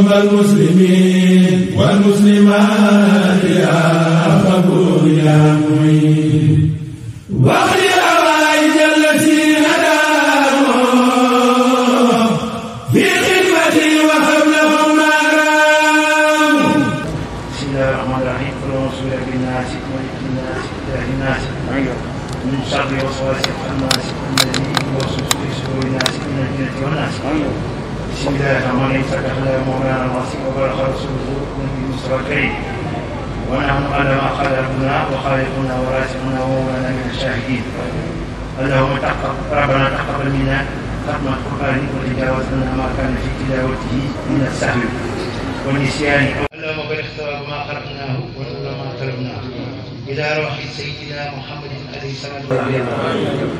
صفوف المسلمين والمسلمات يا أخبر يا معين وليس كهذا مولانا واثق بل خلص رزقكم بمستوى ونحن على ما قال ربنا وخالقنا ورازقنا ومولانا من الشاهدين اللهم تقبل ربنا تقبل منا ختم القران وتجاوز لنا ما كان في تلاوته من السهل والنسيان اللهم بل اختار ما خلقناه ونور ما طلبناه الى روح سيدنا محمد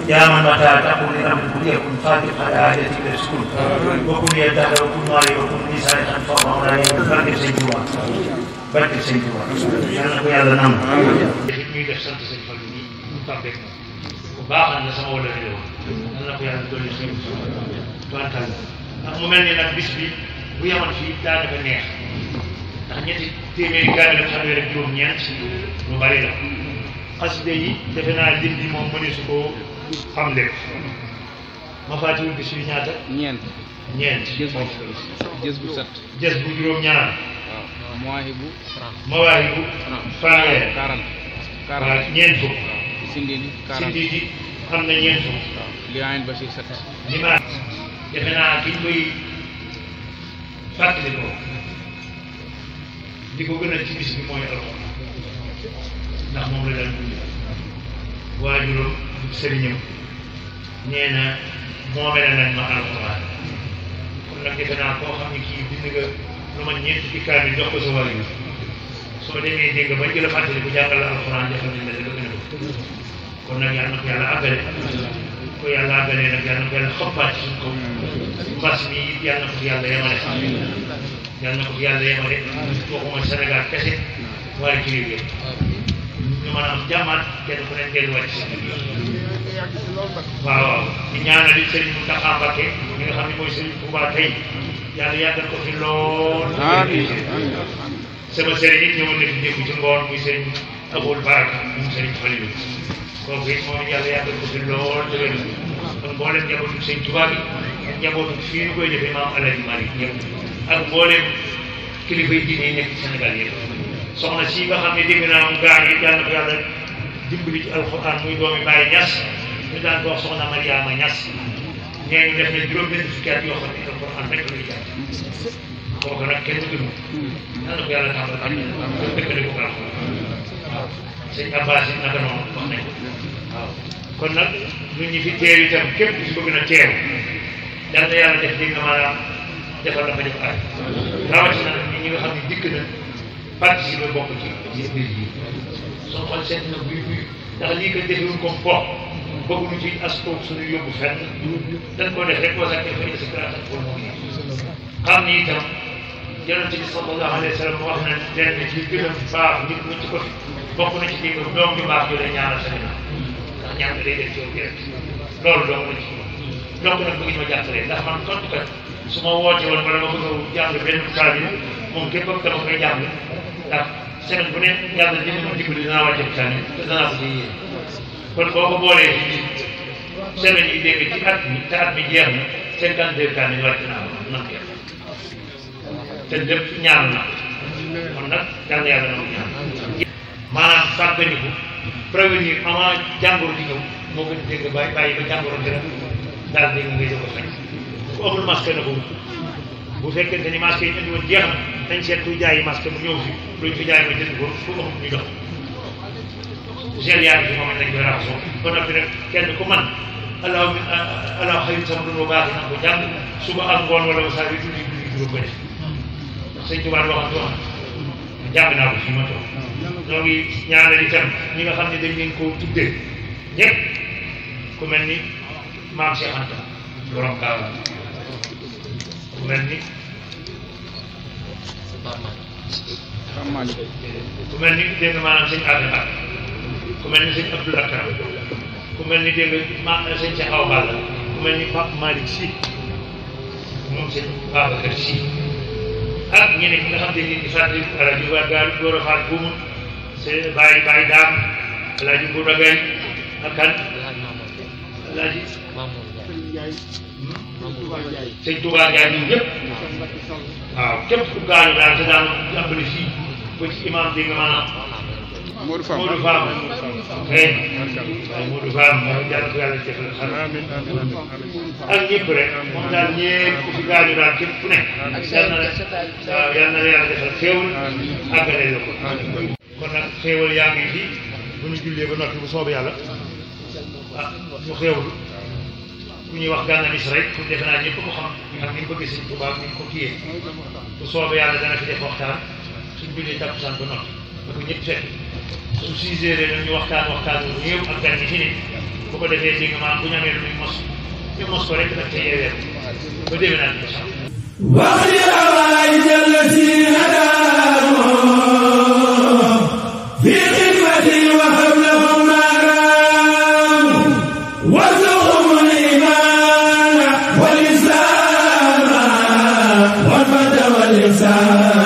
يا من متى تقول الامر يكن فاتح على حاجتك اسكن وكن يدك وكن مالي وكن لسانك فمولاي فكر سيدنا barke sëñ Tuba yàlla na ko yàlla na am ñuy def sant sëñ Fallu ñi ñu tàmbeeg moom bu baax na sama wala réew yàlla na ko yàlla dolli sëñ tuwantal ndax mu mel ni nag bis bi bu yemoon fii daanaka neex ndax ñetti téeméeri gaal la xam ne rek juróom-ñeent lu bari la xasida yi defe naa lim bi moom mënee su koo xam lépp ma fàttaliwul bis yu ñaata. ñeent ñeent. jës jës bu set. jës bu juróom-ñaar. waaw mawaahibu. mawaahibu. fanweer. quarante quarante ñeent fukk. sindidi quarante sindidi am na ñeent fukk. waaw li ayin ba si set. li ma defe naa biñ koy fàttali li ko gën a ci bi mooy alxuraan. ndax moom la daan gunge waajuram sëriñam nee na moomee la nañ ma alxuraan kon koo xam ne kii bind nga lu ma ñeent ci kaamil jox ko sa soo demee dégg bañ jëla fàttali bu jàngal la alxuraan joxal nañ la da bëgg na ko kon nag yàlla na ko yàlla àggale ko yàlla àggalee nag yàlla na ko yàlla xoppaat ci suñ kaw mbas mi it yàlla na ko yàlla yemale yàlla na ko yàlla yemale waxuma Sénégal kese waaye ci réew yëpp ñu mën a am jàmmaat kenn ku nekk delluwaat ci waaw waaw di ñaanal di sëriñ Mountakha Mbacké mi nga xam ne mooy sëriñ Touba tey yàlla yàggal ko fi lool sama sëriñ it ñëwoon na fi dégg ci ngoon muy sëriñ Aboul Baraka moom sëriñ Falilou kooku it moom yàlla yàggal ko fi lool dëgër kon mboolem njabootu sëriñ Touba bi ak njabootu fii ñu koy defee maam Alaaji Malick ñëpp ak mboolem kilifa yi diine yi nekk Sénégal yëpp soxna si nga xam ne dégg naa moom gaañ yi yàlla muy doomi bàyyi ñas ñu daan ko wax na juróom benn fukki at yoo xam ne alxuraan rek lañu jàng kooku nag kenn gënu yàlla ko yàlla tàmbali am ñu dëkkale ko baax waaw sëñ Abbas fi teew itam képp ku si bëgg na teew yàlla na yàlla def dégg nga maanaam defal la ko def ay rawatina nag ñi nga xam ne parti bi bokk ci yëpp mbir yi soo xool seet na buy buy ndax lii ko defewul comme bopp bëgguñu ci as toog suñu yóbbu fenn dañ ko def rek wasaare fa si kalaataat pour moom xam ni itam yonente bi sallallahu alayhi wa sallam wax na lenn ci gën a baax nit mu ci ko fi bokk na ci dégg doom ju baax joolee ñaanal sa ginnaaw ndax ñaan bi day def ci yow direct loolu doom la ci donc nag bëgg ma jàppalee ndax man tontu kat su ma woote woon wala ma bëgg a jàng benn saa bi moom képp ak dama koy jàng ndax bu ne yàlla na jënd ma dimbali dinaa wàcce butaan yi te danaa ko kon boo ko boolee semaine yi dégg ci at bi te at bi jeex na cinquante deux kaan yi wàcc naa ko nan kenn te lépp ñaan na ko ñaan maanaam sàgganiku prévenir di ñëw moo gën dégg bàyyi bàyyi ba jàngoro dina daal dégg nga ngay jël ko ku amul masque na ko bu fekkente ni masque yi ñu indi woon jeex na dañ seet kuy jaayi masque mu ñëw fi luñ fi jaay ma jënd ko fu mu ñu jox gel yaa ngi fi moom dañ koy raxasoo ba noppi rek kenn ku man alaw alaw xëy sama dund baax na ko jàng suba ak ngoon wala ba saa yu tuuti bi ñu ko def ndax sëñ Tuubaa waxat wax jàng naa ko fi ma toog ñoo ngi ñaanal itam ñi nga xam ne dañ leen koo tuddee ñëpp ku mel ni maam Cheikh Anta borom Kaolack ku mel ni ku mel ni dégg nga maanaam sëñ Adama ku mel ni sëñ Abdou Lakram ku mel ni dégg ma sëñ Cheikh Awa Balla ku mel ni Pape Malick Sy moom sëñ Babacar Sy ak ñeneen ñi nga xam ne ñu ngi fàttali rajo waa Gaal Góor a Faat Buumu sëñ Baye Baye Daam Alaaji Mbuur Agay ak kan Alaaji sëñ Touba Ndiaye ñun ñëpp waaw képp ku gaañu daal te daan jàppale fii ba ci imam bi nga maanaam Modou Fam Modou Fam rek Modou Fam mooy jàll ko yàlla jëfal ak ñëpp rek moom daal ñëpp ku fi gaañu daal képp ku nekk yal na la waaw yal na la yàlla defal xéewal àggale la ko kon nag xéewal yaa ngi fi bu ñu jullee ba noppi bu soobee yàlla ah ñu xéewlu ku wax gànna mis rek pour defe naa ñëpp ko xam ak ni mu bëgg Sëñ Tuubaa ni mu ko kiyee bu soobee yàlla bi fi def waxtaan suñ jullee tàkkusaan ba noppi ba ko ñëpp fekk suñ six heures dañu waxtaan waxtaan bu néew ak gan ñi fi ko defee dégg maam bu ñu amee lu muy mos ñu mos ko rek daf ca yeewee ba déwénaat incha allah الإنسان